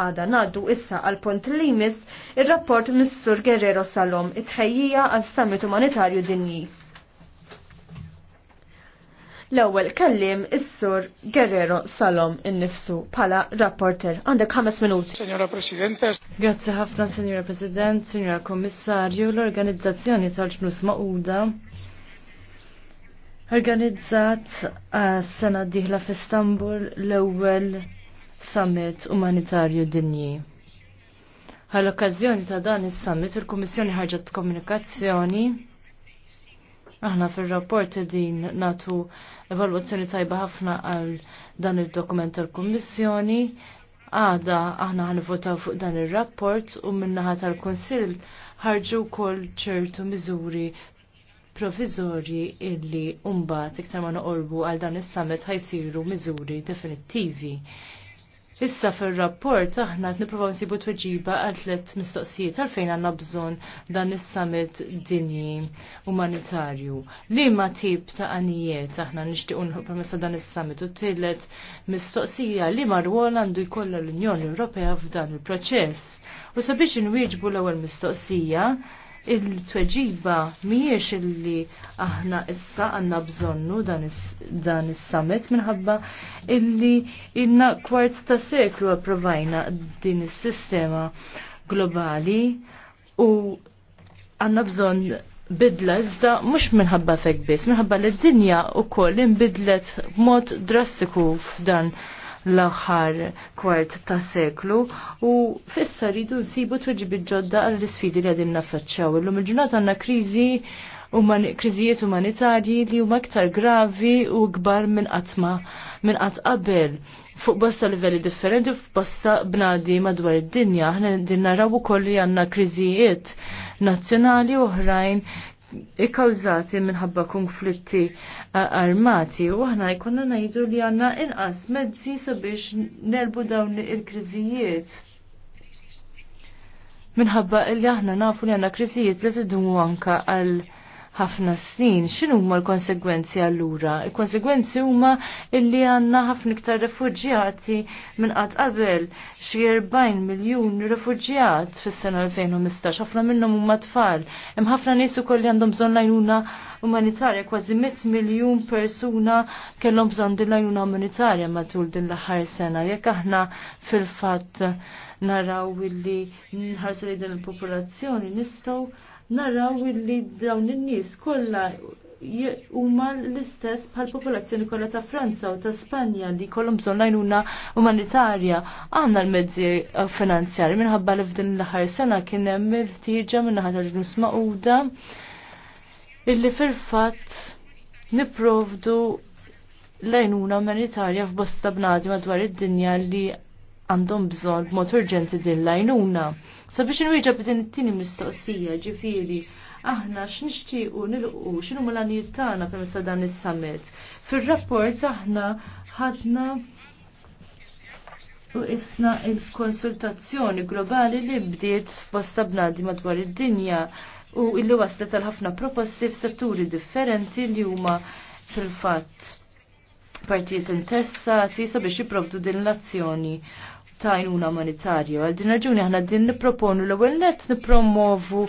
Għada naddu issa għal pont li jmiss il-rapport Missur Guerrero Salom it itħejjija għal summit umanitarju dinji. L-ewwel kellim is-Sur Guerrero Salom innifsu pala rapporter. Għandek ħames minuti. Signora Presidente. Grazzi ħafna, Signora President, Signora Kommissarju, l-Organizzazzjoni tal-Ġnus Maquda organizzat għas eh, sena diħla f'Istanbul l-ewwel Summit Umanitarju Dinji. Għal okkażjoni ta' dan is-summit il-Kummissjoni ħarġet b'komunikazzjoni Aħna fil-rapport din natu evalwazzjoni tajba ħafna għal dan il-dokument tal kummissjoni Għada aħna ħanvotaw fuq dan il-rapport u minnaħat tal-Konsil ħarġu kol ċertu miżuri provizori illi umbat iktar ma noqorbu għal dan is-summit ħajsiru miżuri definittivi. Issa fil-rapport aħna qed nsibu tweġiba għal tliet mistoqsijiet fejn għandna bżonn dan is-summit dinji umanitarju. Liema tip ta' għanijiet aħna nixtiequ nħu permessa dan is-summit u tillet mistoqsija liema rwol għandu jkollha l-Unjoni Ewropea f'dan il-proċess. U sabiex inwieġbu l-ewwel mistoqsija il-tweġiba miex illi aħna issa għanna bżonnu dan is-summit minħabba illi inna kwart ta' seklu approvajna din is-sistema globali u għanna bżon bidla iżda mhux minħabba fek biss, minħabba li d-dinja u koll imbidlet mod drastiku f'dan l-aħħar kwart ta' seklu u fissa rridu nsibu tweġibi ġodda għall-isfidi li għadin naffaċċaw. L-lum il-ġurnata għandna kriżi Uman, kriżijiet umanitarji li huma aktar gravi u kbar minn qatma minn qatt qabel fuq bosta livelli differenti fuq bosta bnadi madwar id-dinja. Aħna din naraw ukoll li għandna kriżijiet nazzjonali oħrajn ikkawżati minħabba konflitti armati u aħna jkollna ngħidu li għandna inqas mezzi sabiex nerbu dawn il-kriżijiet. Minħabba li aħna nafu li għandna kriżijiet li tiddumu anka għal ħafna snin. xinu huma l-konsegwenzi allura? Il-konsegwenzi huma illi għandna ħafna iktar refuġjati minn qatt qabel xi 40 miljun refuġjat fis-sena 2015, ħafna minnhom huma tfal. Hemm ħafna nies ukoll li għandhom bżonn lajnuna umanitarja, kważi 100 miljun persuna kellhom bżonn din l umanitarja matul din l-aħħar sena. Jekk aħna fil-fatt naraw illi nħarsu li din il-popolazzjoni nistgħu naraw li dawn in-nies kollha huma l-istess bħal popolazzjoni kollha ta' Franza u ta' Spanja li kollhom bżonn għajnuna umanitarja. Għandna l-mezzi uh, finanzjari minħabba li f'din l-aħħar sena kien hemm il-ħtieġa minnaħa ta' ġnus maquda illi fil-fatt niprovdu l-għajnuna umanitarja f'bosta bnadi madwar id-dinja li għandhom bżonn b'mod urġenti din l-għajnuna. Sabiex inwieġa b'din it-tieni mistoqsija ġifieri aħna x'nixtiequ nilqu x'inhu l-għanijiet tagħna permezz ta' dan is-summit. Fir-rapport aħna ħadna u isna il-konsultazzjoni globali li bdiet f'bosta bnadi madwar id-dinja u illi waslet għal ħafna proposti f'setturi differenti li huma fil-fatt partijiet interessati sabiex jipprovdu din l-azzjoni ta' jnuna monetarju. Għal din raġuni aħna din nipproponu l-ewwel net nippromovu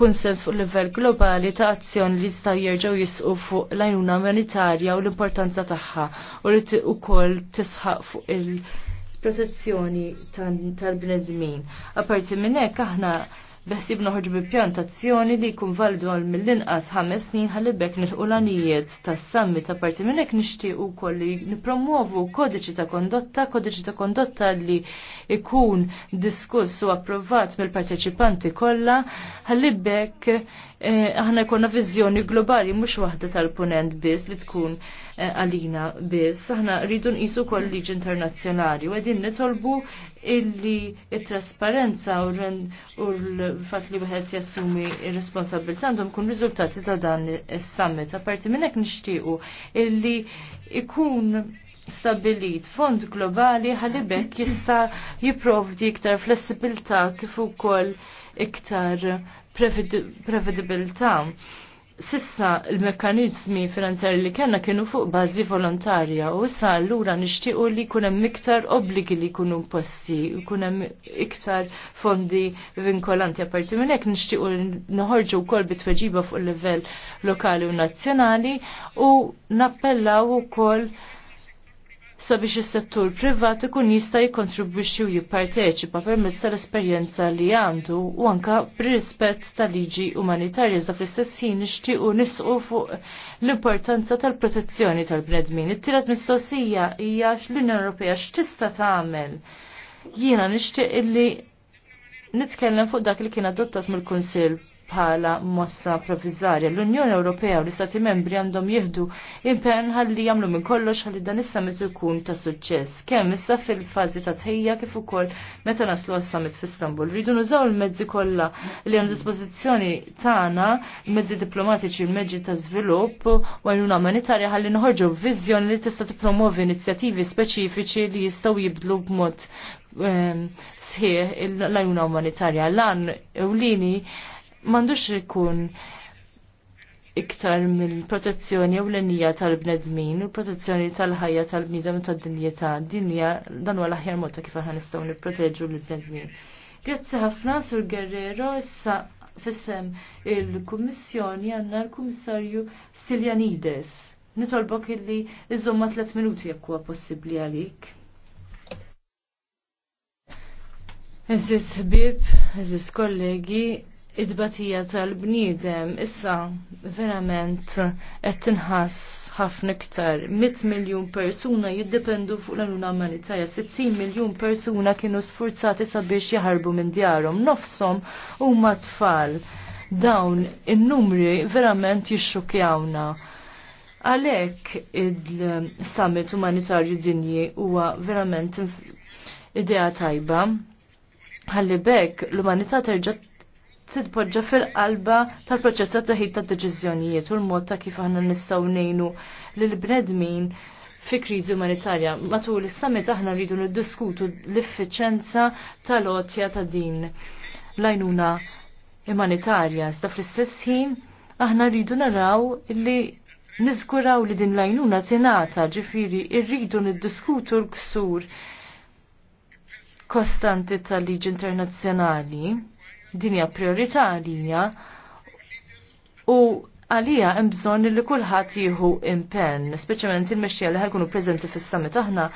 konsens fuq livell globali ta' azzjoni li jistgħu jerġgħu jisqu fuq l-għajnuna monetarja u l-importanza tagħha u li ukoll tisħaq fuq il-protezzjoni tal-bnedmin. Aparti minn hekk aħna Beħsib noħorġ bi pjantazzjoni li jkun valdu għal mill-inqas ħames snin ħalibek nil-qulanijiet tas sammi ta' parti minnek nishti u li nipromuovu kodiċi ta' kondotta, kodiċi ta' kondotta li ikun diskuss u approvat mill-parteċipanti kollha ħalibek eh, aħna jkollna viżjoni globali mhux waħda tal-punent biss li tkun eh, għalina biss. Aħna rridu nqisu kolliġi internazzjonali u għedin nitolbu illi t trasparenza u l fatt li wieħed jassumi r-responsabilità għandhom kun riżultati ta' dan is-summit. Apparti minn hekk nixtiequ illi ikun stabilit fond globali ħalibek jista' jipprovdi iktar flessibilità kif ukoll iktar prevedibilità. Prefid sissa il-mekkanizmi finanzjari li kellna kienu fuq bażi volontarja u issa allura nixtiequ li jkun hemm iktar obbligi li jkunu imposti, jkun hemm iktar fondi vinkolanti apparti minn hekk nixtiequ li noħorġu wkoll bitweġiba fuq il livell lokali u nazzjonali u nappellaw ukoll sabiex is-settur privat ikun jista' jikkontribwixxi u jipparteċipa permezz tal-esperjenza li għandu u anka b'rispett tal-liġi umanitarja iżda fl-istess ħin nixtiequ nisqu fuq l-importanza tal-protezzjoni tal-bnedmin. It-tielet mistoqsija hija l-Unjoni Ewropea x'tista' tagħmel. Jiena nixtieq illi nitkellem fuq dak li kien adottat mill-Kunsill bħala mossa provvizarja. L-Unjoni Ewropea u l-Istati Membri għandhom jieħdu impenn ħalli jagħmlu minn kollox ħalli dan is-summit ikun ta' suċċess. Kemm issa fil-fażi ta' tħejja kif ukoll meta naslu għas-summit f'Istanbul. Rridu nużaw il-mezzi kollha li hemm dispożizzjoni tagħna, mezzi diplomatiċi, mezzi ta' żvilupp u għajnuna humanitarja ħalli nħorġu viżjoni li tista' tippromovi inizjattivi speċifiċi li jistgħu jibdlu b'mod ehm, sħiħ l-lajuna umanitarja. Lan lini mandux ikun iktar mill-protezzjoni u l nija tal-bnedmin u protezzjoni tal-ħajja tal-bnidem u tad-dinjeta. Dinja dan huwa l-aħjar mod kif aħna nistgħu nipproteġu l-bnedmin. Grazzi ħafna sur Guerrero issa fissem il-Kummissjoni għandna l-Kummissarju Siljanides. Nitolbok illi iżomma tliet minuti jekk huwa possibbli għalik. Eżis ħbib, eżis kollegi, id-batija tal-bniedem issa verament qed tinħass ħafna iktar. 100 miljun persuna jiddependu fuq l-għaluna umanitarja, 60 miljun persuna kienu sfurzati sabiex jaħarbu minn djarhom, nofshom huma tfal. Dawn in-numri verament jixxukjawna. Għalhekk il-summit umanitarju dinji huwa verament idea tajba. Ħalli bekk l-umanità terġa' titpoġġa fil-qalba tal-proċess ta' taħid ta' deċiżjonijiet u l-mod ta' kif aħna nistgħu ngħinu lil bnedmin fi kriżi umanitarja. Matul is-summit aħna rridu niddiskutu l-effiċenza tal-ozja ta' din l-għajnuna umanitarja. Sta fl-istess ħin aħna rridu naraw li niżguraw li din l-għajnuna tingħata ġifieri rridu niddiskutu l-ksur kostanti tal-liġi internazzjonali dinja priorità għalija u għalija hemm bżonn li kulħadd jieħu impenn, speċjalment il-mexxija li ħajkunu preżenti fis-summit aħna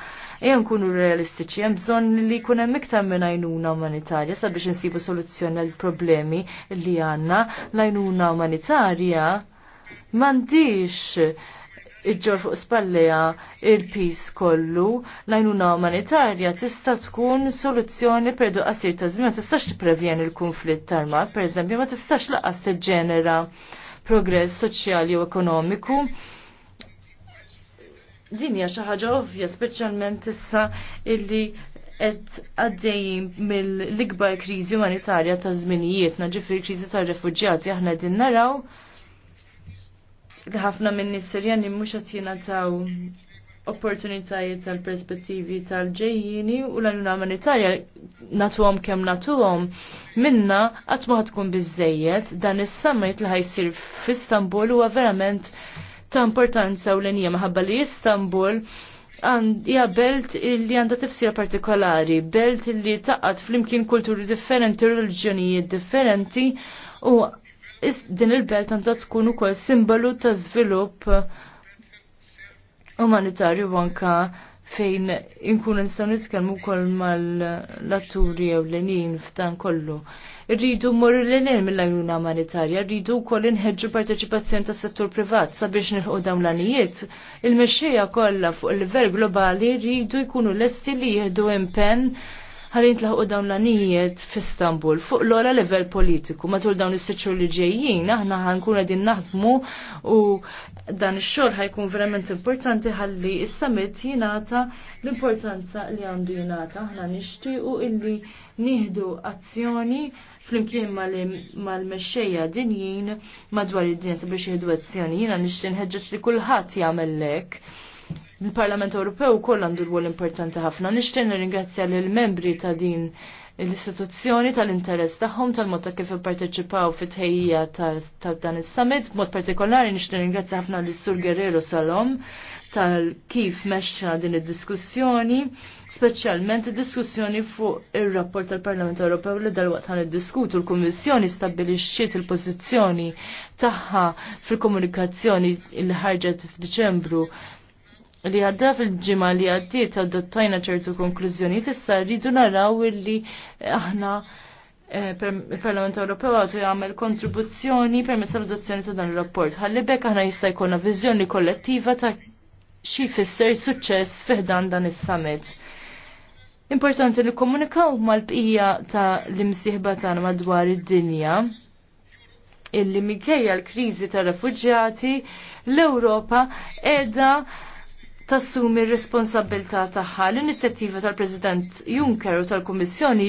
jgħan kunu realistiċi, hemm bżonn li jkun hemm iktar minn għajnuna umanitarja sabiex insibu soluzzjoni għal problemi li għandna l-għajnuna umanitarja m'għandix iġġor fuq spallija il-pis kollu, lajnuna umanitarja tista tkun soluzzjoni per duqqasir ta' żmien, tistax tipprevjen il-konflitt tarma, per eżempju, ma tistax laqas ġenera progress soċjali u ekonomiku. Din hija xi ħaġa ovvja, speċjalment issa illi qed għaddejjin mill-ikbar kriżi umanitarja ta' żminijiet, naġifri kriżi tar-refuġjati aħna din naraw li ħafna minn is-Sirjani mhux qed jingħataw opportunitajiet tal-perspettivi tal-ġejjini u l natu għom natuhom kemm għom minna qatt għatkun tkun dan is-summit li ħajsir f'Istanbul huwa verament ta' importanza u l-enija maħabba li Istanbul hija belt li għandha tifsira partikolari, belt li fl flimkien kulturi differenti, reliġjonijiet differenti u din il-belt għandha tkun ukoll simbolu ta' żvilupp umanitarju anka fejn inkun nistgħu nitkellmu wkoll mal jew lenin f'dan kollu rridu mmorru l mill-ajuna umanitarja, rridu wkoll inħeġġu parteċipazzjoni tas settur privat sabiex nilħu dawn l-anijiet. Il-mexxejja kollha fuq il livell globali rridu jkunu lesti li jieħdu impenn ħarint laħu dawn l-anijiet f'Istanbul fuq l-ora level politiku matul dawn is-sitxur li ġejjin aħna ħankun qegħdin naħdmu u dan ix xor ħajkun verament importanti ħalli is-summit jingħata l-importanza li għandu jingħata. Aħna nixtiequ illi nieħdu azzjoni flimkien mal-mexxejja dinjin madwar id-dinja sabiex jieħdu azzjoni. Jiena nixtieq li kulħadd jagħmel lek. Il-Parlament Ewropew ukoll għandu rwol importanti ħafna. Nixtieq nirringrazzja lill membri ta' din l-istituzzjoni tal-interess tagħhom tal-mod ta' kif ipparteċipaw fit-tħejjija tal-dan is-summit, mod partikolari nixtieq nirringrazzja ħafna lis sur Guerrero Salom tal kif mexxa din id-diskussjoni, speċjalment id-diskussjoni fuq ir-rapport tal-Parlament Ewropew li dalwaqt ħan iddiskutu l-Kummissjoni stabbilixxiet il-pożizzjoni tagħha fil-komunikazzjoni li ħarġet f'Diċembru li għadda fil-ġimma li għaddiet adottajna ċertu konklużjoni issa rridu naraw li aħna eh, il-Parlament Ewropew għadu jagħmel kontribuzzjoni permezz tal-adozzjoni ta' dan ir-rapport. Ħalli bekk aħna jista' jkollna viżjoni kollettiva ta' xi jfisser suċċess fiħdan dan is-summit. Importanti li komunikaw mal-bqija ta' l-imsieħba tagħna madwar id-dinja illi minkejja l-kriżi tar-refuġjati l-Ewropa qiegħda tassumi r-responsabilità tagħha. L-inizjattiva tal-President Juncker u tal-Kummissjoni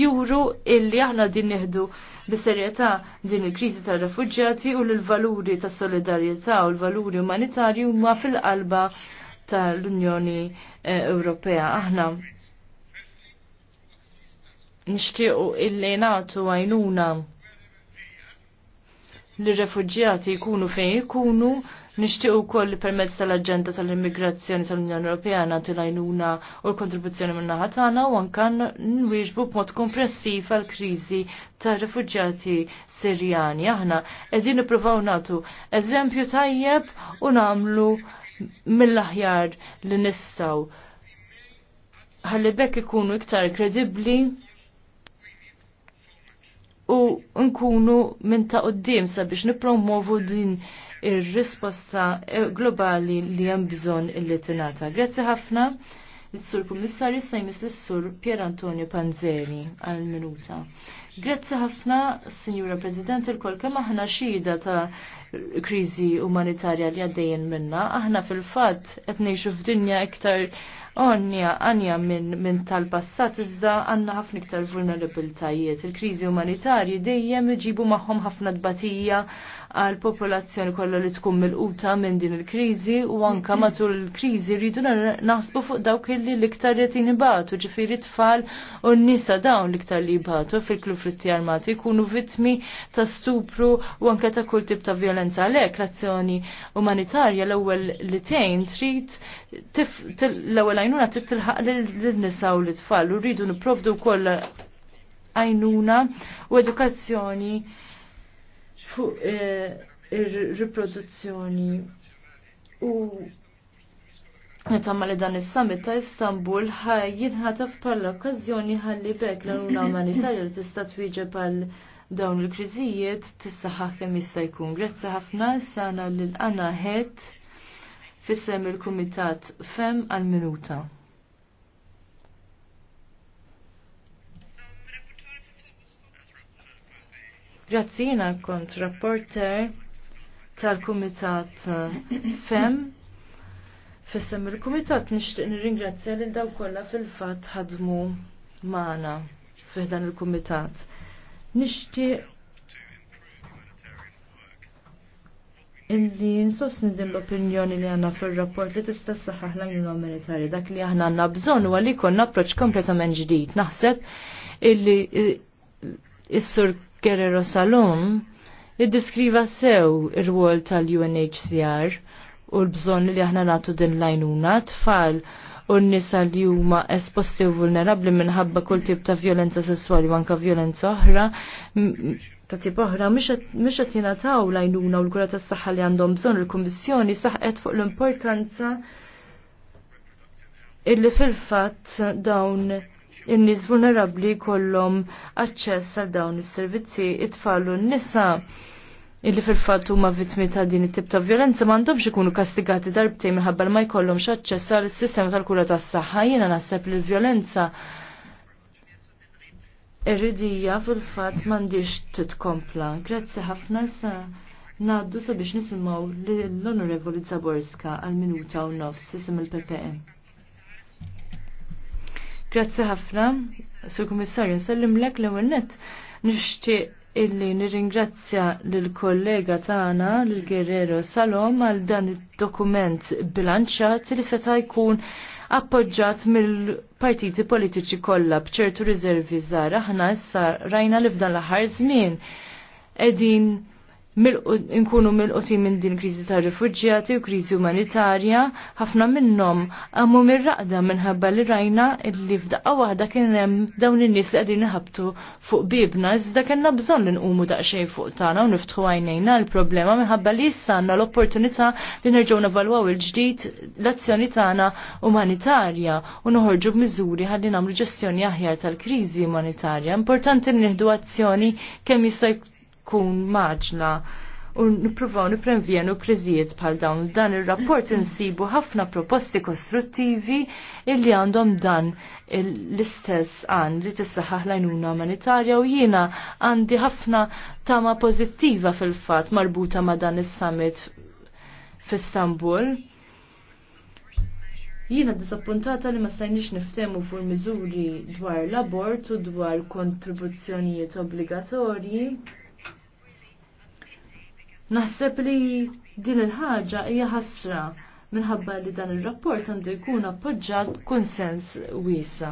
juru illi aħna din neħdu bis-serjetà din il-kriżi tar-refuġġjati u l-valuri tas-solidarjetà u l-valuri umanitarji huma fil-qalba tal-Unjoni eh, Ewropea. Aħna nixtiequ illi nagħtu għajnuna l-refuġġjati jkunu fejn jkunu Nixtieq ukoll permezz tal-Aġenda tal-Immigrazzjoni tal-Unjoni Ewropea nagħtu lajnuna għajnuna u l-kontribuzzjoni minn naħa tagħna u anke nwieġbu b'mod kompressiv għall kriżi tar-rifuġjati Sirjani. Aħna qegħdin nippruvaw nagħtu eżempju tajjeb u nagħmlu mill-aħjar li nistgħu. Ħalli bekk ikunu iktar kredibbli u nkunu minn ta' qudiem sabiex nippromovu din il risposta eh, globali li hemm bżonn illi tingħata. Grazzi ħafna. Sur Kummissarju sejmis l-Sur Pier Antonio Panzeri għal-minuta. Grazzi ħafna, Signora President, il-kol kemm aħna xida ta' kriżi umanitarja li għaddejjen minna, aħna fil-fatt qed ngħixu f'dinja iktar onja għanja minn min tal-passat iżda għanna ħafna iktar vulnerabiltajiet. Il-kriżi umanitarji dejjem iġibu magħhom ħafna tbatija għal popolazzjoni kollha li tkun mill-quta minn din il-kriżi u anka matul il-kriżi rridu naħsbu fuq dawk li l-iktar qed jinibatu, ġifieri tfal u n-nisa dawn l-iktar li jibatu fil klufritti armati jkunu vittmi ta' stupru u anka ta' kull tip ta' violenza għalhekk l-azzjoni umanitarja l-ewwel li tejn trid l-ewwel l-għajnuna trid tilħaq lin-nisa u l-tfal u rridu nipprovdu wkoll għajnuna u edukazzjoni fuq eh, ir-riproduzzjoni u Nitamma li dan is-summit ta' Istanbul jinħataf bħala okkażjoni ħalli bekk l-għuna umanitarja li tista' twieġeb għal dawn il-kriżijiet tissaħħa kemm jista' jkun. Grazzi ħafna sana lil Anna Het fissem il-Kumitat Fem għal-Minuta. Grazzina kont rapporter tal-Kumitat Fem Fissem il-Kumitat nishtiq nirringrazzja lil daw kollha fil-fatt ħadmu maħna fih dan il-Kumitat. Nixtieq illi nsostni din l-opinjoni li għanna fil-rapport li tista' saħħaħ l-għajnuna militari dak li aħna għanna bżon u għalli konna approċ kompletament ġdid. Naħseb illi is-sur Guerrero Salom id-diskriva sew il wol tal-UNHCR u l-bżon li aħna natu din l-għajnuna tfal u n-nisa li huma esposti u vulnerabli minħabba kull tip ta' violenza sessuali u anka violenza oħra ta' tip oħra mhux qed jingħataw lajnuna u l-kura tas-saħħa li għandhom bżonn il-Kummissjoni saħqet fuq l-importanza illi fil-fatt dawn in-nies vulnerabbli kollhom aċċess għal dawn is-servizzi it-tfal u n-nisa illi fil-fatt huma vittmi ta' din it-tip ta' violenza m'għandhomx ikunu kastigati darbtejn minħabba ma jkollhomx aċċess għall sistema tal-kura tas-saħħa. Jiena naħseb li l-vjolenza irridija fil-fatt m'għandix titkompla. Grazzi ħafna sa ngħaddu sabiex nisimgħu l-Onorevoli Zaborska għal minuta u nofs isim il-PPM. Grazzi ħafna, Sur Kummissarju, nsellimlek l-ewwel nett nixtieq illi nirringrazzja l-kollega tagħna l-Guerrero Salom għal dan id-dokument bilanċat li seta' jkun appoġġat mill-partiti politiċi kollha b'ċertu riservi żgħar aħna issa rajna li f'dan l-aħħar żmien qegħdin nkunu milquti minn din kriżi ta' rifuġġjati u kriżi umanitarja, ħafna minnhom għamu mir-raqda minħabba li rajna illi f'daqqa waħda kien hemm dawn in-nies li qegħdin iħabtu fuq bibna iżda kellna bżonn li nqumu daqsxejn fuq tagħna u niftħu għajnejna l-problema minħabba li issa għandna l-opportunità li nerġgħu navalwaw il-ġdid l-azzjoni tagħna umanitarja u noħorġu b'miżuri ħalli nagħmlu ġestjoni aħjar tal-kriżi umanitarja. Importanti li nieħdu azzjoni kemm jista' Kun maġna u nipruvaw niprevjenu kriżijiet bħal dawn. Dan ir-rapport insibu ħafna proposti kostruttivi illi għandhom dan l-istess għan li tissaħħaħ l-għajnuna umanitarja u jiena għandi ħafna tama pozittiva fil-fat marbuta ma' dan is-summit f'Istanbul. Jiena disappuntata li ma stajniex niftemu fuq miżuri dwar l-abort u dwar kontribuzzjonijiet obbligatorji Naħseb li din il-ħaġa hija ħasra minħabba li dan il-rapport għandu jkun appoġġat konsens wiesa.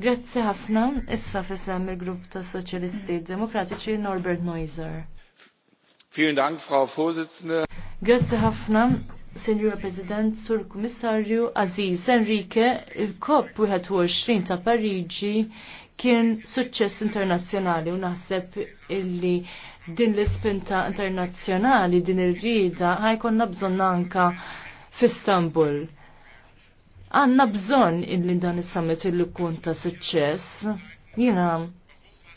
Grazzi ħafna, issa fisem il-grupp ta' Soċjalisti Demokratiċi Norbert Neuser. Vielen Dank, Frau Vorsitzende. Grazzi ħafna, Senjura President, Sur Kummissarju, Aziz Enrique, il-COP 21 ta' Pariġi kien suċċess internazzjonali u naħseb illi din l-ispinta internazzjonali, din ir-rida ħajkonna bżonn anka f'Istanbul. Għanna bżonn illi dan is-summit illi kun ta' suċċess. Jiena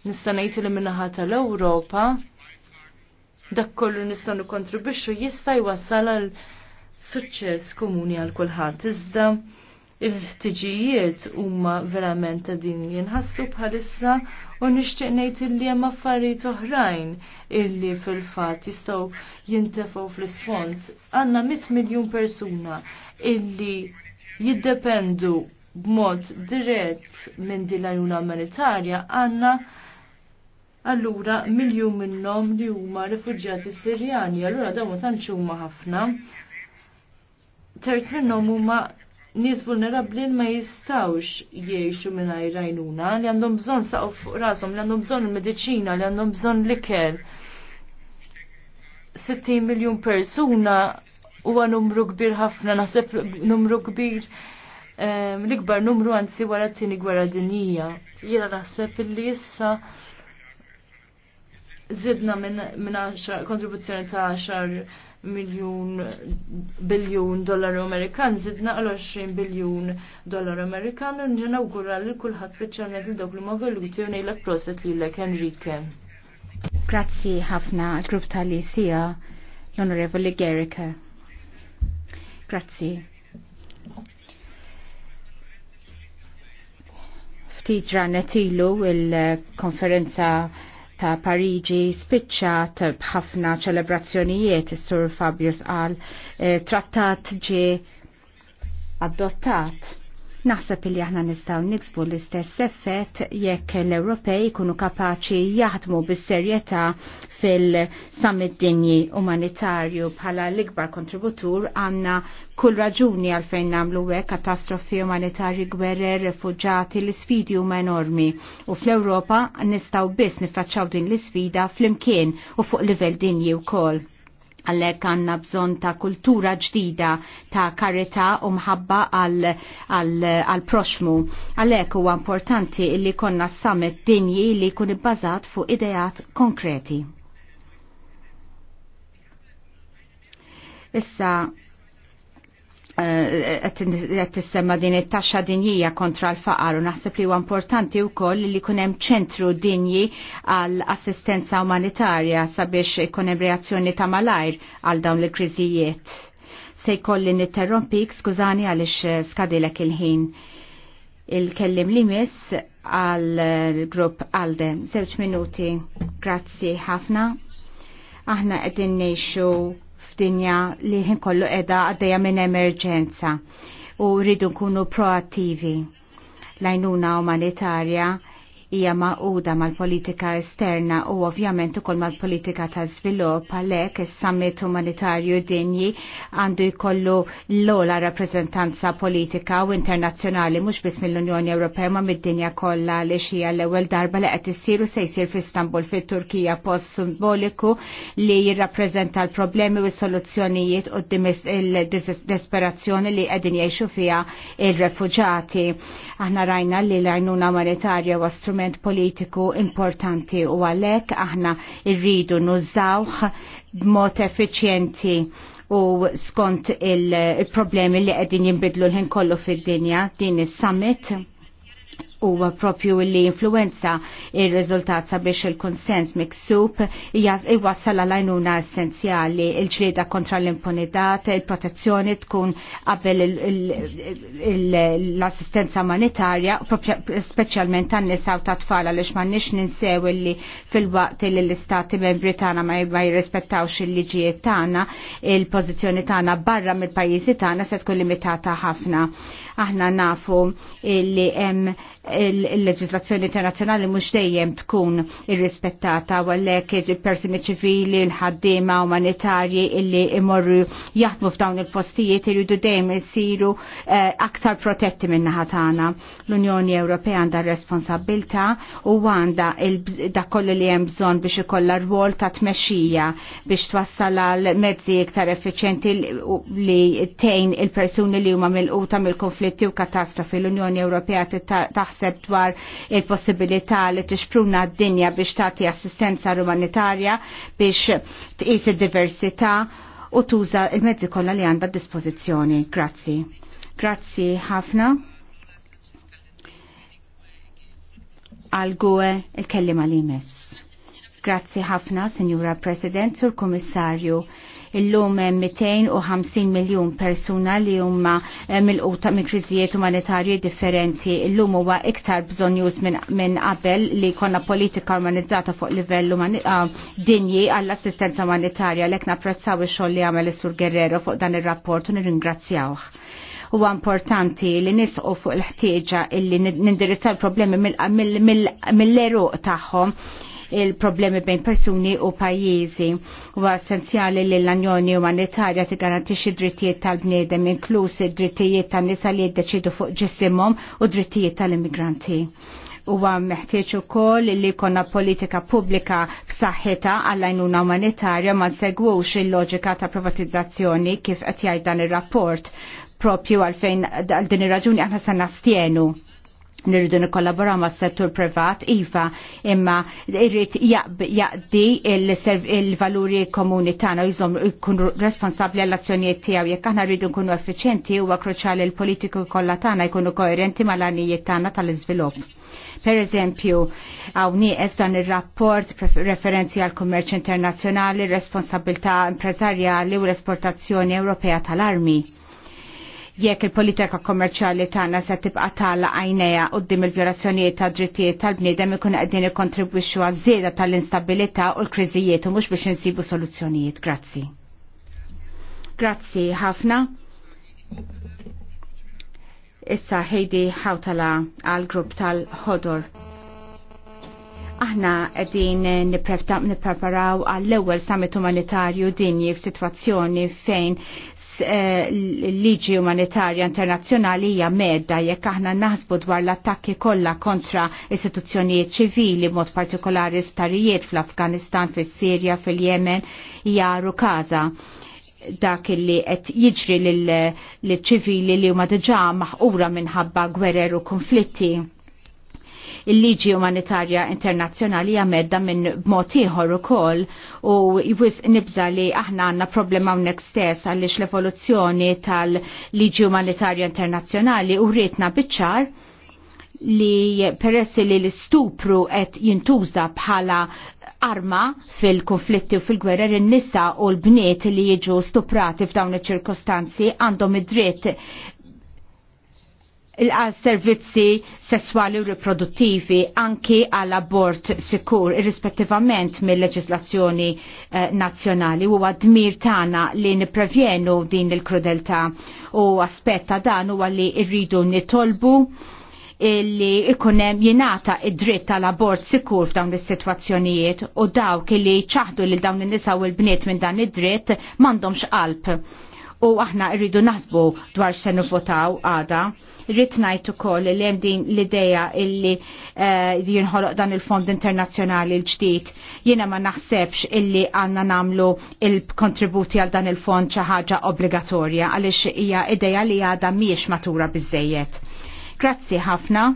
nista' illi li minnaħa tal-Ewropa dak kollu nistgħu nikkontribwixxu jista' jwassal għal suċċess komuni għal kulħadd. Iżda il-ħtiġijiet huma verament ta' din jinħassu bħalissa u nixtieq ngħid illi hemm affarijiet oħrajn illi fil-fatt jistgħu jintefgħu fl-isfond. Għandna 100 miljun persuna illi jiddependu b'mod dirett minn din l-ajuna umanitarja għandna allura miljun minnhom li huma rifuġjati Sirjani, allura dawn ma tantx huma ħafna terz minnhom huma nis vulnerabli ma jistawx jiexu minna jirajnuna, li għandhom bżon saqof fuq rasom, li għandhom bżon medicina, li għandhom bżon iker 60 miljon persuna huwa numru kbir ħafna, naħseb numru kbir um, l-ikbar numru għanzi wara t-tini gwara dinija. Jena naħseb li issa zidna minn min kontribuzzjoni ta' 10 miljun biljun dollaru Amerikan, zidna għal 20 biljun dollar Amerikan, nġena u gurra li kullħat speċjalment li dawk li ma veluti u nejlek proset li l-ek Enrique. Grazzi ħafna għal-grupp tal-ISIA, l-Onorevoli Gerika. Grazzi. Ftit ġranet ilu il-konferenza ta' Pariġi spiċċat b'ħafna ċelebrazzjonijiet, is-Sur Fabius qal, e, trattat ġie adottat. Naħseb li aħna nistgħu niksbu l-istess effett jekk l-Ewropej jkunu kapaċi jaħdmu bis-serjetà fil-summit dinji umanitarju bħala l-ikbar kontributur għanna kull raġuni għalfejn namlu għek katastrofi umanitarji gwerre, refugġati, l-sfidi huma enormi u fl-Europa nistaw biss nifraċċaw din l-sfida fl-imkien u fuq livell dinji u koll għallek għanna bżon ta' kultura ġdida ta' karita u mħabba għal proxmu. Għallek huwa importanti li konna summit dinji li kun ibbażat fuq idejat konkreti. Issa għed eh, tissemma din it-taxxa dinjija kontra l-faqar u naħseb li huwa importanti wkoll li jkun hemm ċentru dinji għal assistenza umanitarja sabiex ikun hemm reazzjoni ta' malajr għal dawn l-kriżijiet. Se jkolli nitterrompik skużani għaliex eh, skadilek il-ħin. Il-kellim li miss għal grupp Alde. Zewċ minuti. Grazzi ħafna. Aħna qegħdin ngħixu f'dinja li ħin kollu edha għaddeja minn emerġenza u rridu nkunu proattivi. Lajnuna umanitarja hija maquda mal-politika esterna u ovvjament ukoll mal-politika ta' żvilupp għalhekk is-summit umanitarju dinji għandu jkollu l-ola rappreżentanza politika u internazzjonali mhux biss mill-Unjoni Ewropea ma mid-dinja kollha li hija l-ewwel darba li qed issiru se jsir f'Istanbul fit-Turkija post simboliku li jirrappreżenta l-problemi u s-soluzzjonijiet qudiem il-desperazzjoni li qegħdin jgħixu fiha il-refuġati. Aħna rajna li l-għajnuna umanitarja u strument politiku importanti u għalek aħna irridu nużawħ b'mod effiċjenti u skont il-problemi li għedin jimbidlu l-ħin kollu fid-dinja din is-summit huwa propju li influenza il-riżultat sabiex il-konsens miksub iwassal għal-għajnuna essenzjali il-ġlieda kontra l-impunità, il-protezzjoni tkun qabel l-assistenza umanitarja, speċjalment tan nisaw u ta' tfal għaliex m'għandniex ninsew li fil-waqt li l-istati membri tagħna ma jirrispettawx il-liġijiet tagħna, il-pożizzjoni tagħna barra mill-pajjiżi tagħna se tkun limitata ħafna. Aħna nafu li hemm il-leġislazzjoni internazzjonali mhux dejjem tkun irrispettata għalhekk il-persuni ċivili, l-ħaddiema umanitarji illi imorru jaħdmu f'dawn il-postijiet iridu dejjem isiru eh, aktar protetti min-naħa tagħna. L-Unjoni Ewropea għandha responsabilta u għandha da kollu li hemm bżonn biex ikollha rwol ta' tmexxija biex twassal għal mezzi iktar effiċenti li tejn il-persuni li huma mill-quta mill-konflitti u katastrofi l-Unjoni Ewropea ta' taħseb dwar il-possibilità li tixpruna d-dinja biex tagħti assistenza umanitarja biex tqis id-diversità u tuża il-mezzi kollha li għandha dispożizzjoni. Grazzi. Grazzi ħafna. Għal gwe il-kellima li jmiss. Grazzi ħafna, Signora President, Sur Komissarju Illum 250 miljon persuna li huma eh, mill-quta minn kriżijiet umanitarji differenti. Illum huwa iktar bżonjuż minn qabel li konna politika organizzata fuq livell ah, dinji għall-assistenza umanitarja lek napprezzaw ix-xogħol li għamel is-Sur Guerrero fuq dan ir-rapport u nirringrazzjawh huwa importanti li nisqu fuq il-ħtieġa illi nindirizzaw il-problemi mill-eruq tagħhom il-problemi bejn persuni u pajjiżi. Huwa essenzjali li l-Unjoni Umanitarja tigarantixxi drittijiet tal-bniedem inkluż id-drittijiet tan-nisa li jiddeċidu fuq ġisimhom u drittijiet tal-immigranti huwa meħtieġ ukoll li jkollna politika pubblika f'saħħita għall-għajnuna umanitarja ma segwux il-loġika ta' privatizzazzjoni kif qed jgħid dan ir-rapport propju għalfejn għal din ir-raġuni aħna se nastienu nirridu nikollaboraw ma' settur privat iva imma irrid jaqdi il-valuri komuni tagħna jżom ikun responsabbli għall azzjonijiet tiegħu jekk aħna rridu nkunu effiċjenti huwa kruċjali l-politiku kollha tagħna jkunu koerenti mal-għanijiet tagħna tal-iżvilupp. Per eżempju, għawni nieqes dan il-rapport referenzi għal kummerċ internazzjonali, responsabilità imprezarjali u l-esportazzjoni Ewropea tal-armi jekk il-politika kommerċjali tagħna se tibqa' tala għajnejha qudiem il-vjolazzjonijiet ta' drittijiet tal-bniedem ikun qegħdin ikkontribwixxu għaż-żieda tal-instabilità u l-kriżijiet u mhux biex insibu soluzzjonijiet. Grazzi. Grazzi ħafna. Issa Heidi ħawtala għal grupp tal-ħodor. Aħna qegħdin nippreparaw għall-ewwel summit umanitarju dinji f'sitwazzjoni fejn liġi umanitarja internazzjonali hija medda jekk aħna naħsbu dwar l-attakki kollha kontra istituzzjonijiet ċivili mod partikolari starijiet fl-Afganistan, fis-Sirja, fil-Yemen hija rukaza dak li qed jiġri lill-ċivili li huma diġà maħqura minħabba gwerer u konflitti il-liġi umanitarja internazzjonali għamedda minn b'mod ieħor ukoll u jwis nibża li aħna għandna problema hawnhekk stess għaliex l-evoluzzjoni tal-liġi umanitarja internazzjonali u rritna bitċar li peressi li l-istupru qed jintuża bħala arma fil-konflitti u fil-gwerer in-nisa u l-bniet li jiġu stuprati f'dawn iċ-ċirkostanzi għandhom id-dritt għal servizzi sessuali u riproduttivi anki għal abort sikur irrispettivament mill-leġislazzjoni eh, nazzjonali u għadmir tana li niprevjenu din il-krudelta u aspetta dan u għalli irridu nitolbu illi ikunem jenata id-dritt tal-abort sikur f'dawn is-sitwazzjonijiet u dawk li ċaħdu li dawn in-nisa u l-bniet minn dan id-dritt m'għandhomx qalb u aħna rridu naħsbu dwar se votaw għada. Rrid ngħid ukoll li hemm din l-idea illi eh, jinħoloq dan il-Fond Internazzjonali l-ġdid. Jiena ma naħsebx illi għandna nagħmlu il-kontributi għal dan il-fond xi ħaġa obbligatorja għaliex hija idea li għadha mhijiex matura biżejjed. Grazzi ħafna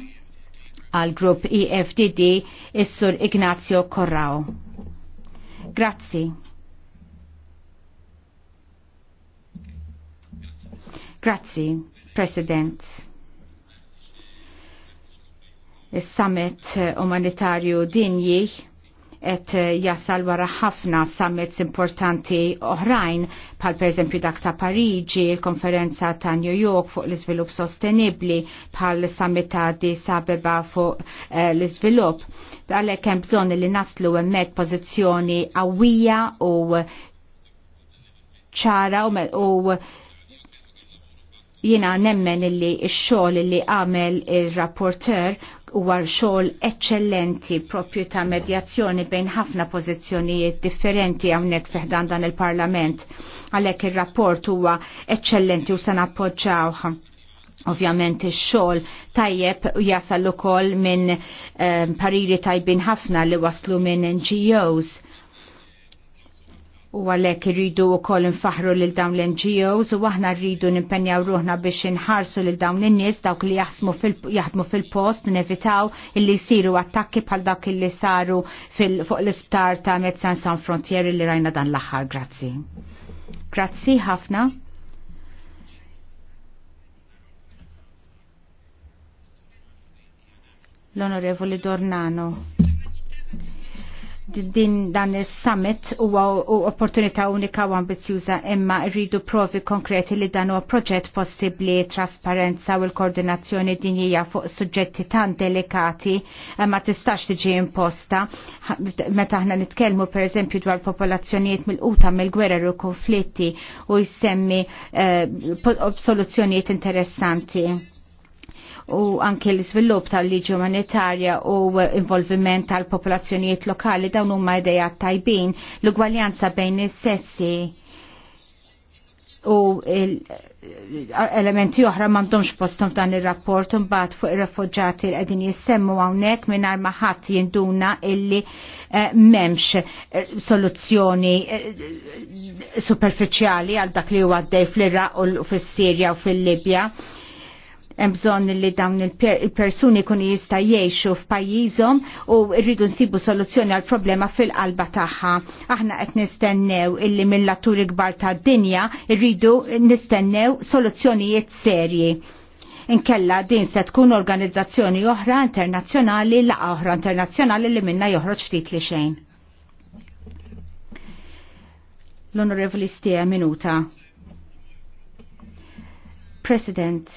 għal grupp EFDD is-Sur Ignazio Corrao. Grazzi. Grazzi, President. Is-summit umanitarju dinji et jasal wara ħafna summits importanti oħrajn, pal per eżempju dak ta' Pariġi, il-konferenza ta' New York fuq l-iżvilupp sostenibli, pal summit ta' di Sabeba fuq eh, l-iżvilupp. Għalhekk hemm bżonn li naslu hemmhekk pożizzjoni qawwija u ċara u, u Jina nemmen illi x-xogħol illi għamel il-rapporter huwa xogħol eċċellenti propju ta' medjazzjoni bejn ħafna pożizzjonijiet differenti hawnhekk fiħdan dan il-Parlament. Għalhekk ir-rapport huwa eċċellenti u se nappoġġawh ovvjament ix-xogħol tajjeb u jasal ukoll minn eh, pariri tajbin ħafna li waslu minn NGOs u għalek rridu u kol nfaħru lil dawn l-NGOs u aħna rridu nimpenjaw ruħna biex nħarsu lil dawn l-nies dawk li jaħdmu fil-post nevitaw illi siru attakki bħal dawk illi saru fuq l-isptar ta' Mezzan San Frontieri li rajna dan l-aħħar. Grazzi. Grazzi ħafna. L-Onorevoli Dornano din dan is-summit huwa opportunità unika u ambizjuża imma rridu provi konkreti li dan huwa proġett possibbli trasparenza u l-koordinazzjoni dinjija fuq suġġetti tan delikati ma tistax tiġi imposta. Meta aħna nitkellmu pereżempju dwar popolazzjonijiet mill-quta mill-gwerer u konflitti u jsemmi eh, soluzzjonijiet interessanti u anke l-iżvilupp tal-liġi umanitarja u involviment tal-popolazzjonijiet lokali dawn huma ideja tajbin l-ugwaljanza bejn is-sessi u elementi oħra m'għandhomx postom f'dan ir-rapport imbagħad fuq ir-refuġġati li qegħdin jissemmu hawnhekk mingħajr ma ħadd jinduna illi eh, m'hemmx eh, soluzzjoni eh, superfiċjali għal dak li huwa għaddej fl iraq u fis sirja u fil libja bżonn li dawn il-persuni kun jista jiexu f'pajjiżhom u rridu nsibu soluzzjoni għal problema fil-qalba tagħha. Aħna qed nistennew illi mill-atturi kbar tad-dinja rridu nistennew soluzzjonijiet serji. Inkella din se tkun organizzazzjoni oħra internazzjonali la oħra internazzjonali li minna joħroġ ftit li xejn. L-Onorevoli Stia Minuta. President,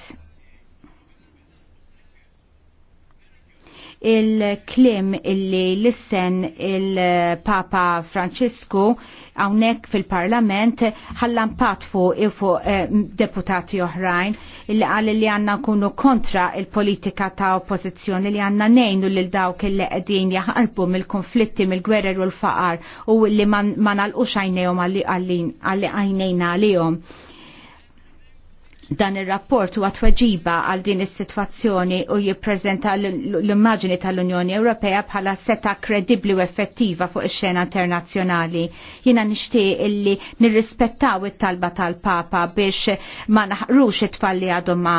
il-klim illi lissen il-Papa Francesco għawnek fil-Parlament ħallan patfu ifu eh, deputati oħrajn illi għal li għanna kunu kontra il-politika ta' oppozizjoni li għanna nejnu lil dawk illi għedin jaħarbu mill-konflitti mill-gwerer u l-faqar u li ma nalqux għajnejom għalli għajnejna għalihom. Dan ir-rapport huwa tweġiba għal din is-sitwazzjoni u jippreżenta l-immaġini tal-Unjoni Ewropea bħala seta kredibbli u effettiva fuq ix-xena internazzjonali. Jiena nixtieq illi nirrispettaw it-talba tal-Papa biex ma naħrux it-tfal li għadhom ma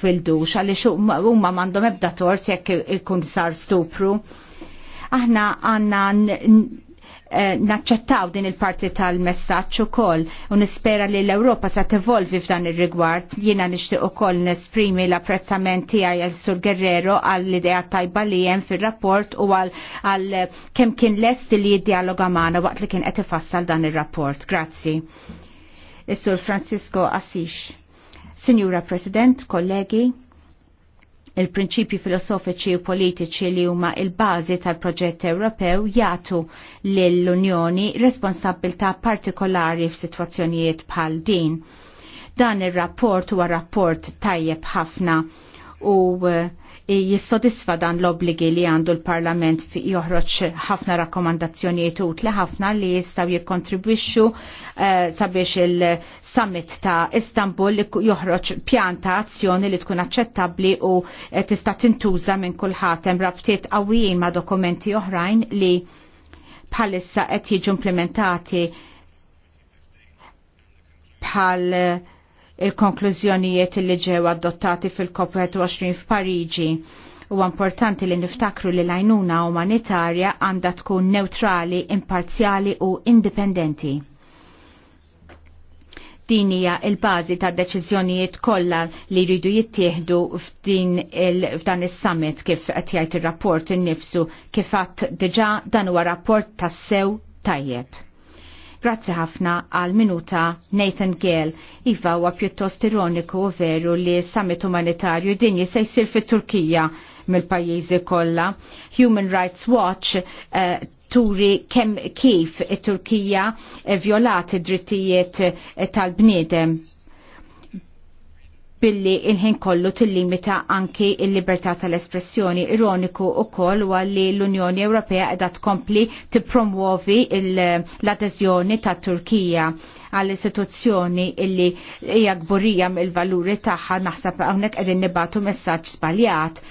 twildux għaliex huma m'għandhom ebda tort jekk ikun sar stupru. Aħna għandna Eh, naċċettaw din il-parti tal-messaċ ukoll u nispera li l-Ewropa sa tevolvi f'dan ir-rigward. Jiena nixtieq ukoll nesprimi l-apprezzament tiegħi Sur Guerrero għall idea tajba li jem fir-rapport u għal kemm kien lest li jiddialoga magħna waqt li kien qed ifassal dan ir-rapport. Grazzi. Is-Sur Francisco Assis. Signora President, kollegi, Il-prinċipji filosofiċi u politiċi li huma il-bażi tal-proġett Ewropew jagħtu lill-Unjoni responsabilità partikolari f'sitwazzjonijiet bħal din. Dan ir-rapport huwa rapport tajjeb ħafna u uh, jissodisfa dan l-obligi li għandu l-Parlament fi joħroġ ħafna rakkomandazzjonijiet utli ħafna li jistaw jikkontribwixxu eh, sabiex il-summit ta' Istanbul joħroġ pjan ta' azzjoni li tkun aċċettabbli u eh, tista' tintuża minn kulħadd hemm rabtiet qawwijin ma' dokumenti oħrajn li bħalissa qed jiġu implementati bħal uh, il-konklużjonijiet li ġew adottati fil-COP21 f'Pariġi. U importanti li niftakru li l-għajnuna umanitarja għandha tkun neutrali, imparzjali u indipendenti. Din hija l-bażi ta' deċiżjonijiet kollha li jridu jittieħdu f'dan is-summit kif qed jgħid ir-rapport innifsu kif għadd diġà dan huwa rapport tas-sew tajjeb. Grazzi ħafna għal minuta Nathan Gale. Iva huwa pjuttost ironiku u veru li summit umanitarju dinji se jsir fit-Turkija mill-pajjiżi kollha. Human Rights Watch uh, turi kemm kif it-Turkija eh, vjolat id-drittijiet eh, tal-bniedem billi il-ħin kollu tillimita anki il-libertà tal-espressjoni. Ironiku u koll għalli l-Unjoni Ewropea edha tkompli tippromuovi l-adezjoni ta' Turkija għall-istituzzjoni illi hija il mill-valuri tagħha naħseb hawnhekk qegħdin nibatu messaġġ spaljat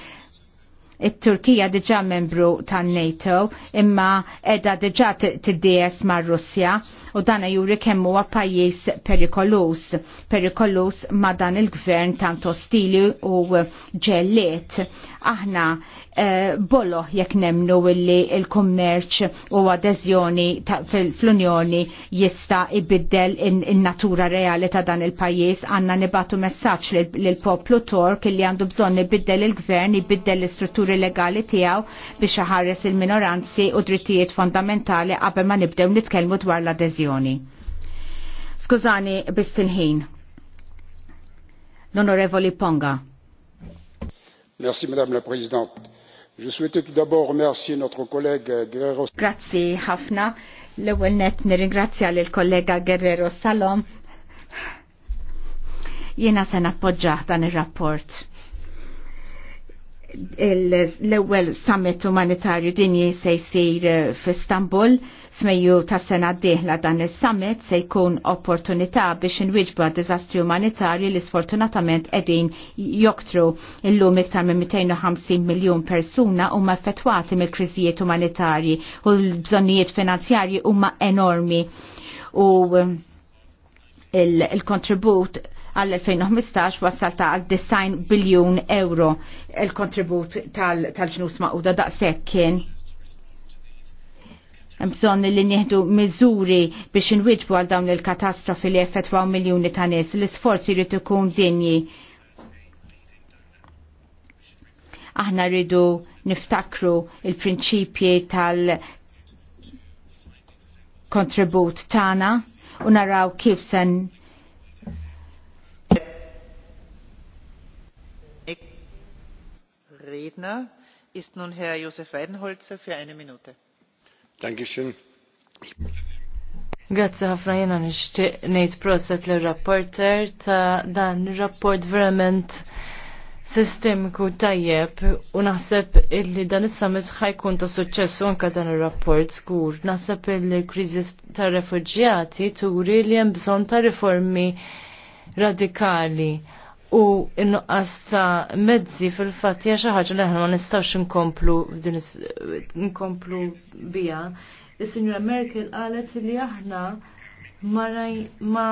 it-Turkija diġa membru tan NATO imma edha diġa t-DS ma' Russja u dana juri kemmu huwa pajjiż perikolus, perikolus ma' dan il-gvern tant ostili u ġelliet. Aħna Eh, bollo jekk nemnu illi il-kummerċ u adeżjoni fl-Unjoni jista' ibiddel in-natura reali ta' dan il-pajjiż għandna nibatu messaġġ lill-poplu Tork li għandu bżonn ibiddel il-gvern, ibiddel l-istrutturi legali tiegħu biex iħares il-minoranzi u drittijiet fondamentali qabel ma nibdew nitkellmu dwar l-adeżjoni. Skużani bistinħin. L-Onorevoli Ponga. Merci, Madame la Présidente Je souhaite tout d'abord remercier notre collègue Guerrero. Grazie ħafna. L-ewwel net nirringrazzja lil kollega Guerrero Salom. Jiena se nappoġġjah dan ir-rapport l-ewwel summit umanitarju dinji se jsir eh, f'Istanbul f'Mejju ta' sena d-dieħla dan is-summit se jkun opportunità biex inwiġbu għad-diżastri umanitarju li sfortunatament qegħdin joktru illum iktar minn 250 miljun persuna huma effettwati mill-kriżijiet umanitarji u l-bżonnijiet finanzjarji huma enormi u eh, il-kontribut il kontribut għall-2015 wassal ta' 9 biljun euro il-kontribut tal-ġnus tal maquda daqshekk kien Mbżon li nieħdu miżuri biex inwiġbu għal dawn il-katastrofi li effettwaw miljoni ta' nies. L-isforzi jrid ikun dinji. Aħna rridu niftakru il-prinċipji tal- kontribut tana u naraw kif sen redner ist nun Herr Josef Weidenholzer für eine Minute. Grazzi ħafna jena nixtieq ngħid proset lir rapporter ta' dan rapport verament sistemiku tajjeb u naħseb illi dan is-summit ħajkun ta' suċċessu anke dan ir-rapport skur. Naħseb illi kriżi tar refuġjati turi li hemm bżonn ta' riformi radikali u innuqqas ta' mezzi fil-fatt hija xi ħaġa li aħna ma nistax nkomplu nkomplu biha. Is-Sinjura Merkel qalet li aħna ma ma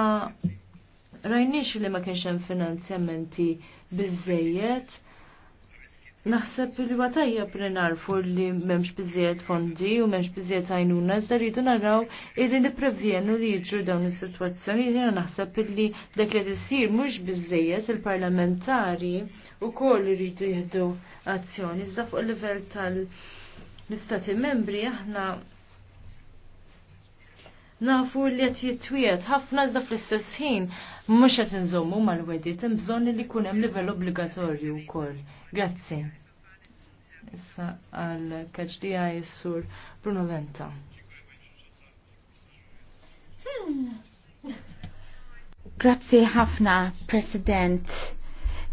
rajniex li ma kienx hemm finanzjamenti biżejjed Naħseb li huwa tajja li narfu li memx biżjed fondi u m'hemmx bizziet għajnuna iżda rridu naraw illi nipprevjenu li jġu dawn is-sitwazzjoni jiena naħseb illi dak li t-sir mhux bizziet il-parlamentari wkoll rridu jieħdu azzjoni iżda fuq il-livell tal-istati membri aħna nafu li qed jitwiet ħafna zda fl-istess ħin mhux qed inżommu mal-wedi hemm li jkun hemm livell obbligatorju wkoll Grazzi. Issa għal kaġdija jissur Bruno Venta. Hmm. Grazzi ħafna, President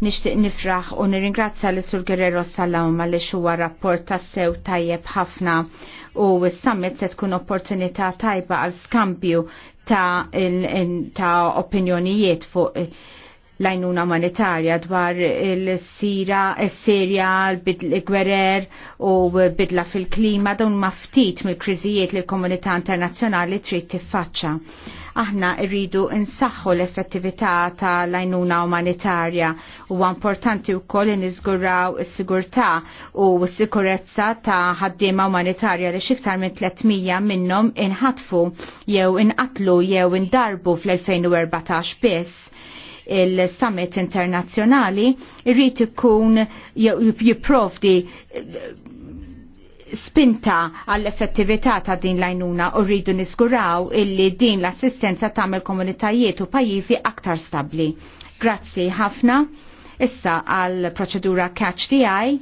nishtiq nifraħ u nirringrazzja l sur Guerrero Salam li xuwa rapport ta' sew tajjeb ħafna u s-summit se tkun opportunità tajba għal skambju ta', ta opinjonijiet fuq l monetarja umanitarja dwar il-sira, il-Sirja, il-gwerer u bidla fil-klima dawn maftit mill-kriżijiet li l-komunità internazzjonali trid tiffaċċa. Aħna rridu insaħħu l-effettività ta' lajnuna umanitarja u importanti wkoll niżguraw is-sigurtà u s-sikurezza ta' ħaddiema umanitarja li xiktar minn 300 minnhom inħatfu jew inqatlu jew indarbu fl-2014 biss il-summit internazzjonali irrit ikun jipprovdi eh, spinta għall-effettività ta' din lajnuna u rridu nisguraw illi din l-assistenza tagħmel komunitajiet u pajjiżi aktar stabbli. Grazzi ħafna. Issa għal proċedura Catch the Eye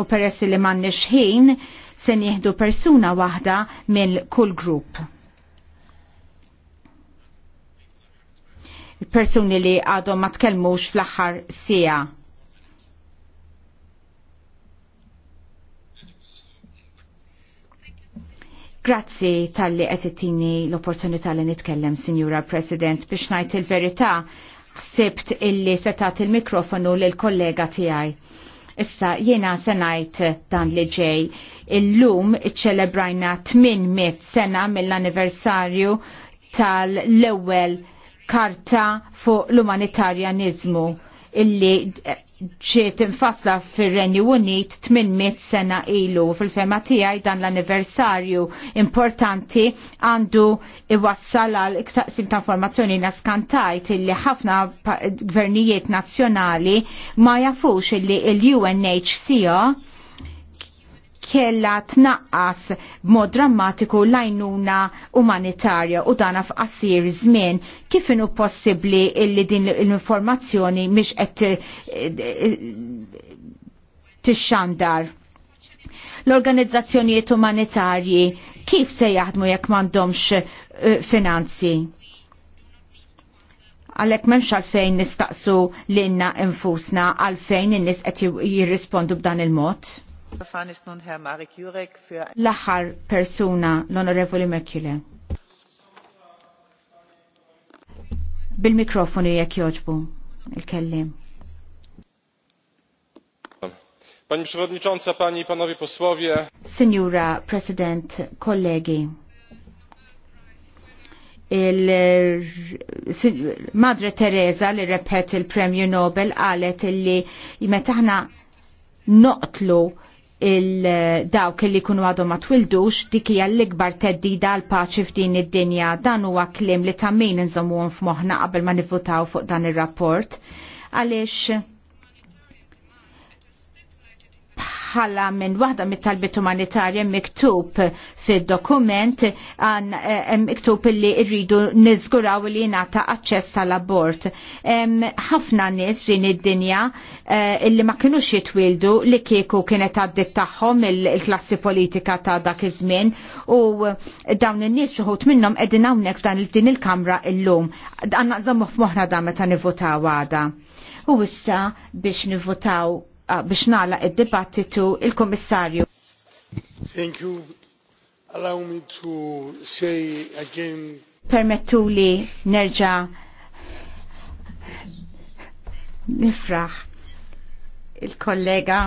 u peress li m'għandniex ħin se nieħdu persuna waħda mill kull grupp. il persuni li għadhom ma tkellmux fl-aħħar sija. Grazzi tal-li għetittini l-opportunità li nitkellem, Signora President, biex najt il-verità, xsibt illi setat il-mikrofonu l-kollega tijaj. Issa jiena se ngħid dan li ġej. Illum iċċelebrajna 800 sena mill-anniversarju tal-ewwel karta fuq l-umanitarjanizmu illi ġiet infasla fir-Renju Unit 800 sena ilu. Fil-fema tiegħi dan l-anniversarju importanti għandu iwassal għal iktaqsim ta' informazzjoni naskantajt illi ħafna gvernijiet nazzjonali ma jafux illi l-UNHCR kella tnaqqas b'mod drammatiku l-għajnuna umanitarja u dan f'qassir żmien kif inhu possibbli illi din l-informazzjoni mhix qed eh, eh, tixxandar. L-organizzazzjonijiet umanitarji kif se jaħdmu jekk m'għandhomx eh, finanzi? għalek memx għalfejn nistaqsu l-inna infusna għalfejn n-nis għet jirrispondu b'dan il-mod? L-aħħar persuna l-Onorevoli Merkule. Bil-mikrofonu jekk joġbu il-kellim. Pani Przewodnicząca, Pani i Panowie Posłowie. Signora President, kollegi. Il Madre Teresa li repet il-Premju Nobel għalet illi metaħna noqtlu il-dawk li kunu għadhom ma twildux dik hija l-ikbar teddida għal paċi f'din id-dinja dan huwa klim li tammin nżommu f'moħħna qabel ma nivvutaw fuq dan ir-rapport għaliex Ħalla minn waħda mit-talbit umanitarja miktub fil-dokument għan eh, miktub li rridu nizguraw li nata aċċess tal-abort. ħafna nis fin id-dinja eh, illi ma kienux jitwildu li kieku kienet għaddit tagħhom il-klassi politika ta' dak iż-żmien u dawn in-nies xuħut minnhom qegħdin hawnhekk f'dan din il-kamra illum. Għandna nżommu f'moħħna dan meta nivvotaw għada. U issa biex nivvotaw biex nala id-dibattitu il-Komissarju. Thank you. Allow me to say again. Permettu li nerġa nifraħ il-kollega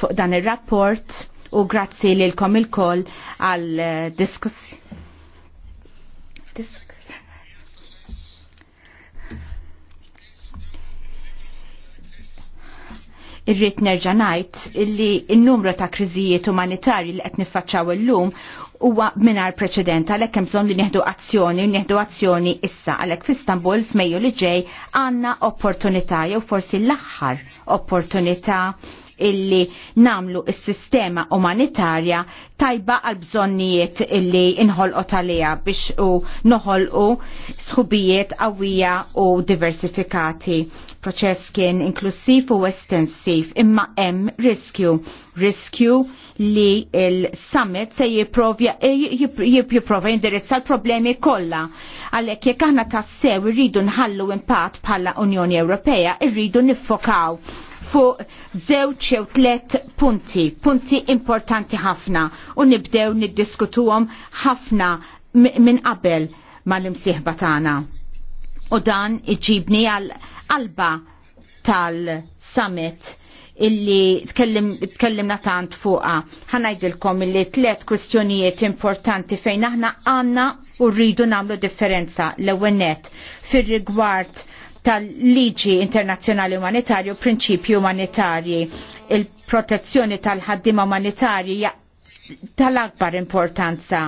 fuq dan il-rapport u grazzi li l-kom il-koll għal diskuss. Irrid nerġa' ngħid illi n-numru ta' kriżijiet umanitarji li qed niffaċċaw illum huwa mingħajr preċedent għalhekk hemm bżonn li nieħdu azzjoni u nieħdu azzjoni issa għalhekk f'Istanbul f'Mejju li ġej għandna opportunità jew forsi l-aħħar opportunità illi namlu s-sistema umanitarja tajba għal bżonnijiet illi inħolqot għalija biex u noħolqu sħubijiet qawwija u diversifikati. Proċess kien inklusiv u estensiv imma hemm riskju. Riskju li il-summit se jiprovja eh, jiprovja indirizza l-problemi kollha. Għalhekk jekk aħna tassew irridu nħallu impat bħala Unjoni Ewropea, irridu niffokaw fuq żewġ jew tlet punti, punti importanti ħafna u nibdew niddiskutuhom ħafna minn qabel mal-imsieħba tagħna. U dan iġibni għal qalba tal-summit illi tkellimna tant fuqa. Ħanajdilkom illi tlet kwistjonijiet importanti fejn aħna għanna u rridu namlu differenza l ewwel fir rigward tal-liġi internazzjonali umanitarju prinċipju umanitarji. Il-protezzjoni tal-ħaddima umanitarji tal-akbar importanza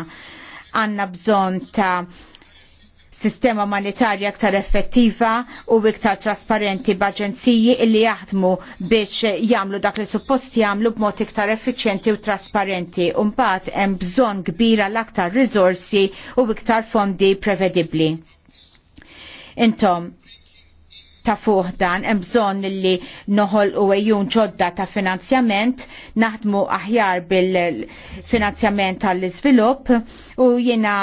għanna bżon ta' sistema umanitarja aktar effettiva u iktar trasparenti b'aġenziji illi jaħdmu biex jagħmlu dak li suppost jagħmlu b'mod iktar effiċjenti u trasparenti. u mbagħad hemm bżonn kbira l-aktar riżorsi u iktar fondi prevedibbli. Intom, ta' fuq dan hemm bżonn li noħol u ejjun ġodda ta' finanzjament, naħdmu aħjar bil-finanzjament tal-iżvilupp u jiena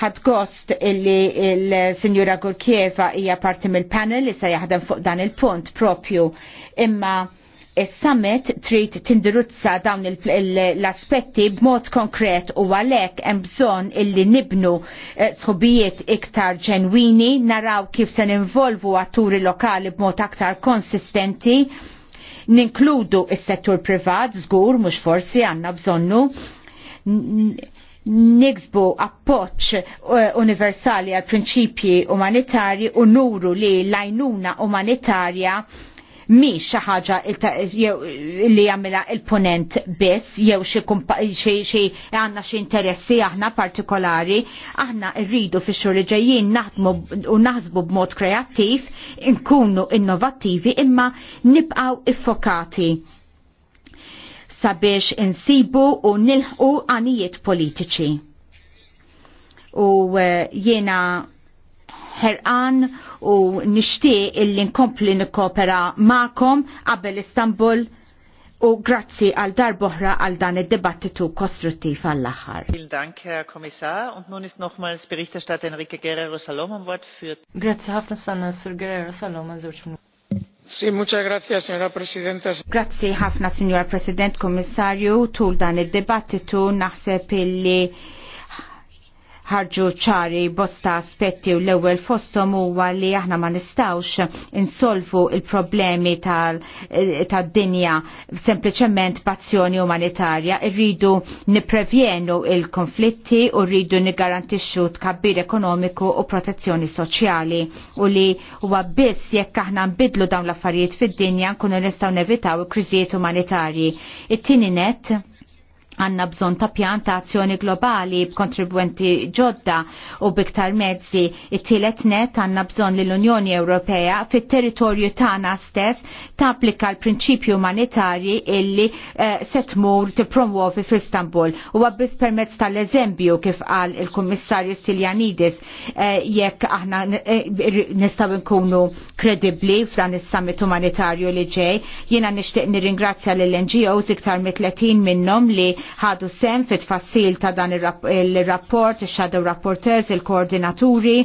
ħad gost illi l-Sinjura Gurkieva hija parti mill-panel li se jaħdem fuq dan il-punt propju imma Is-summit trid tindirizza dawn l-aspetti b'mod konkret u għalhekk hemm bżonn illi nibnu eh, sħubijiet iktar ġenwini, naraw kif se ninvolvu atturi lokali b'mod aktar konsistenti, ninkludu is-settur privat żgur mhux forsi għandna bżonnu niksbu appoċ eh, universali għal prinċipji umanitarji u nuru li l-għajnuna umanitarja mi xi ħaġa li jagħmilha il-ponent biss jew xi għandna xi interessi aħna partikolari, aħna rridu fix xhur ġejjin naħdmu u naħsbu b'mod kreattiv, inkunu innovattivi imma nibqgħu iffokati sabiex insibu u nilħqu għanijiet politiċi. U eh, jiena ħerqan u nixtieq illi nkompli nikkopera ma'kom qabel Istanbul u grazzi għal darboħra għal dan id-dibattitu kostruttiv għall aħħar Dank, Herr Kommissar, und nun ist nochmals Berichterstatter Enrique Guerrero Salom am Wort für... Grazie ħafna sanna, Sir Guerrero Salom, Sì, Si, gracias, signora Presidenta. Grazie Hafna, Signora Presidente, Commissario, tul dan il dibattitu naħseb illi ħarġu ċari bosta aspetti u l-ewwel fostom huwa li aħna ma nistawx insolvu il-problemi tad-dinja sempliċement pazzjoni umanitarja. Irridu niprevjenu il-konflitti u rridu nigarantixxu tkabbir ekonomiku u protezzjoni soċjali u li huwa biss jekk aħna nbidlu dawn l-affarijiet fid-dinja nkunu nistgħu nevitaw il-kriżijiet umanitarji. It-tieni net għanna bżon ta' pjan ta' azzjoni globali b'kontribwenti ġodda u biktar mezzi. It-tielet net għanna bżon l unjoni Ewropea fit territorju tagħna stess tapplika l-prinċipju umanitarji illi eh, setmur fi f'Istanbul. U għabbis permezz tal-eżempju kif qal il-Kummissarju Stiljanidis eh, jekk aħna eh, nistaw nkunu kredibli f'dan is-summit umanitarju li ġej. Jiena nixtieq nirringrazzja lill ngos iktar mit-30 minnhom li ħadu sem fit fassil ta' dan il-rapport, il-shadow rapporteurs, il-koordinaturi,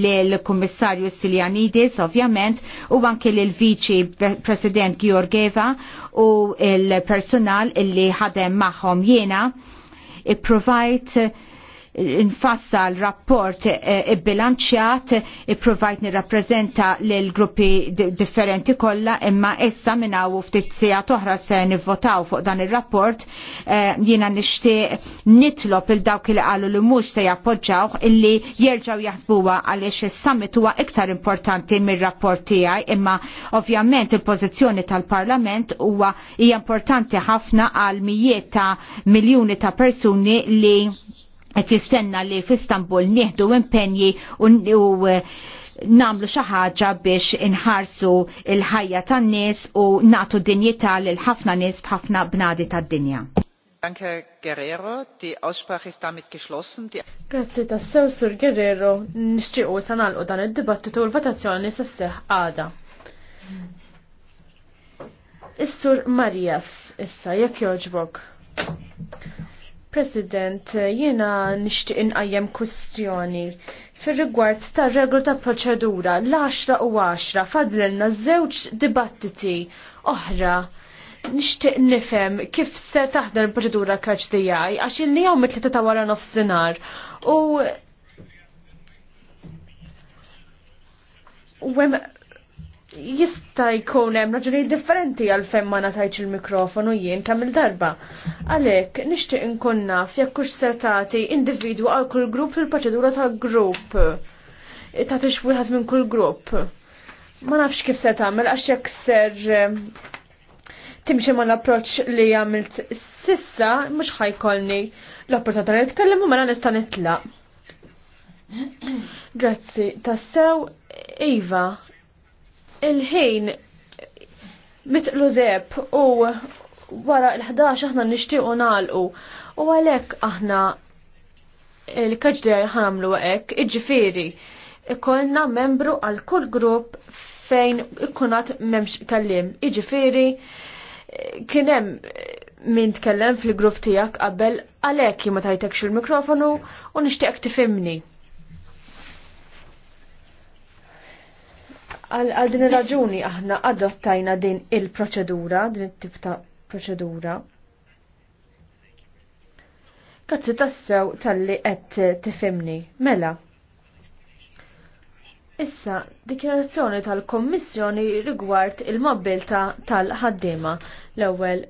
l-Kummissarju Siljanidis, ovvjament, u anke l-Viċi President Georgieva u il-personal illi ħadem maħom jena, i-provajt infassal rapport eh, bilanċjat provajt nir-rapprezenta l gruppi differenti kollha imma issa minn u ftit sija toħra se nivvotaw fuq dan ir-rapport eh, jiena nixtieq nitlob il dawk li qalu li mhux se jappoġġawh illi jerġgħu jaħsbuha għaliex is-summit huwa iktar importanti mir-rapport tiegħi imma ovvjament il-pożizzjoni tal-Parlament huwa hija importanti ħafna għal mijiet ta' miljuni ta' persuni li qed jistenna li f'Istanbul nieħdu impenji u eh, namlu xaħġa biex inħarsu il-ħajja tan-nies u natu dinjità lil ħafna nies b'ħafna bnadi tad-dinja. Danke Guerrero, die Aussprache ist damit geschlossen. Die... Grazie tassew sur Guerrero, nixtiequ sa nagħlqu dan id-dibattitu u l-votazzjoni se sseħħ għada. Is-sur Marias issa jekk jogħġbok. President, jiena nixtieq inqajjem kwestjoni fir-rigward ta' reglu ta' proċedura l-10 u 10 fadlilna żewġ dibattiti oħra nixtieq nifhem kif se taħdem il-proċedura kaċ dijaj għax inni hawn mitlieta ta' wara nofsinhar u jista' jkun hemm raġunijiet differenti għal fejn ma ngħatajx il-mikrofonu jien ta' mill darba Għalhekk nixtieq inkun naf jekk hux se tagħti individwu għal kull grupp fil-proċedura tal-grupp. Tagħtix wieħed minn kull grupp. Ma nafx kif se tagħmel għax jekk ser eh, timxi ma l approċċ li għamilt sissa, mhux ħajkolni l-opportunità li nitkellem u mela nista' nitlaq. Grazzi, tassew Iva, il-ħin mitlu zeb u wara l-11 aħna nixtiequ nagħlqu u għalhekk aħna il-kaġdi ħamlu hekk, iġifieri ikollna membru għal kull grupp fejn ikkunat memx kallim. Iġifieri eh, kien hemm min tkellem fil-grupp tiegħek qabel għalhekk ma tajtekx il-mikrofonu u nixtieq tifimni. Għal din ir-raġuni aħna adottajna din il-proċedura, din it-tip ta' proċedura. Grazzi tassew tal-li qed tifimni. Mela, Issa, dikjarazzjoni tal-Kommissjoni rigward il-mobilta tal-ħaddima. L-ewwel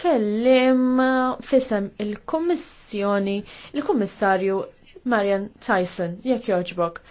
kellim fisem il-Kommissjoni il-Kummissarju Marian Tyson, jekk joġbok.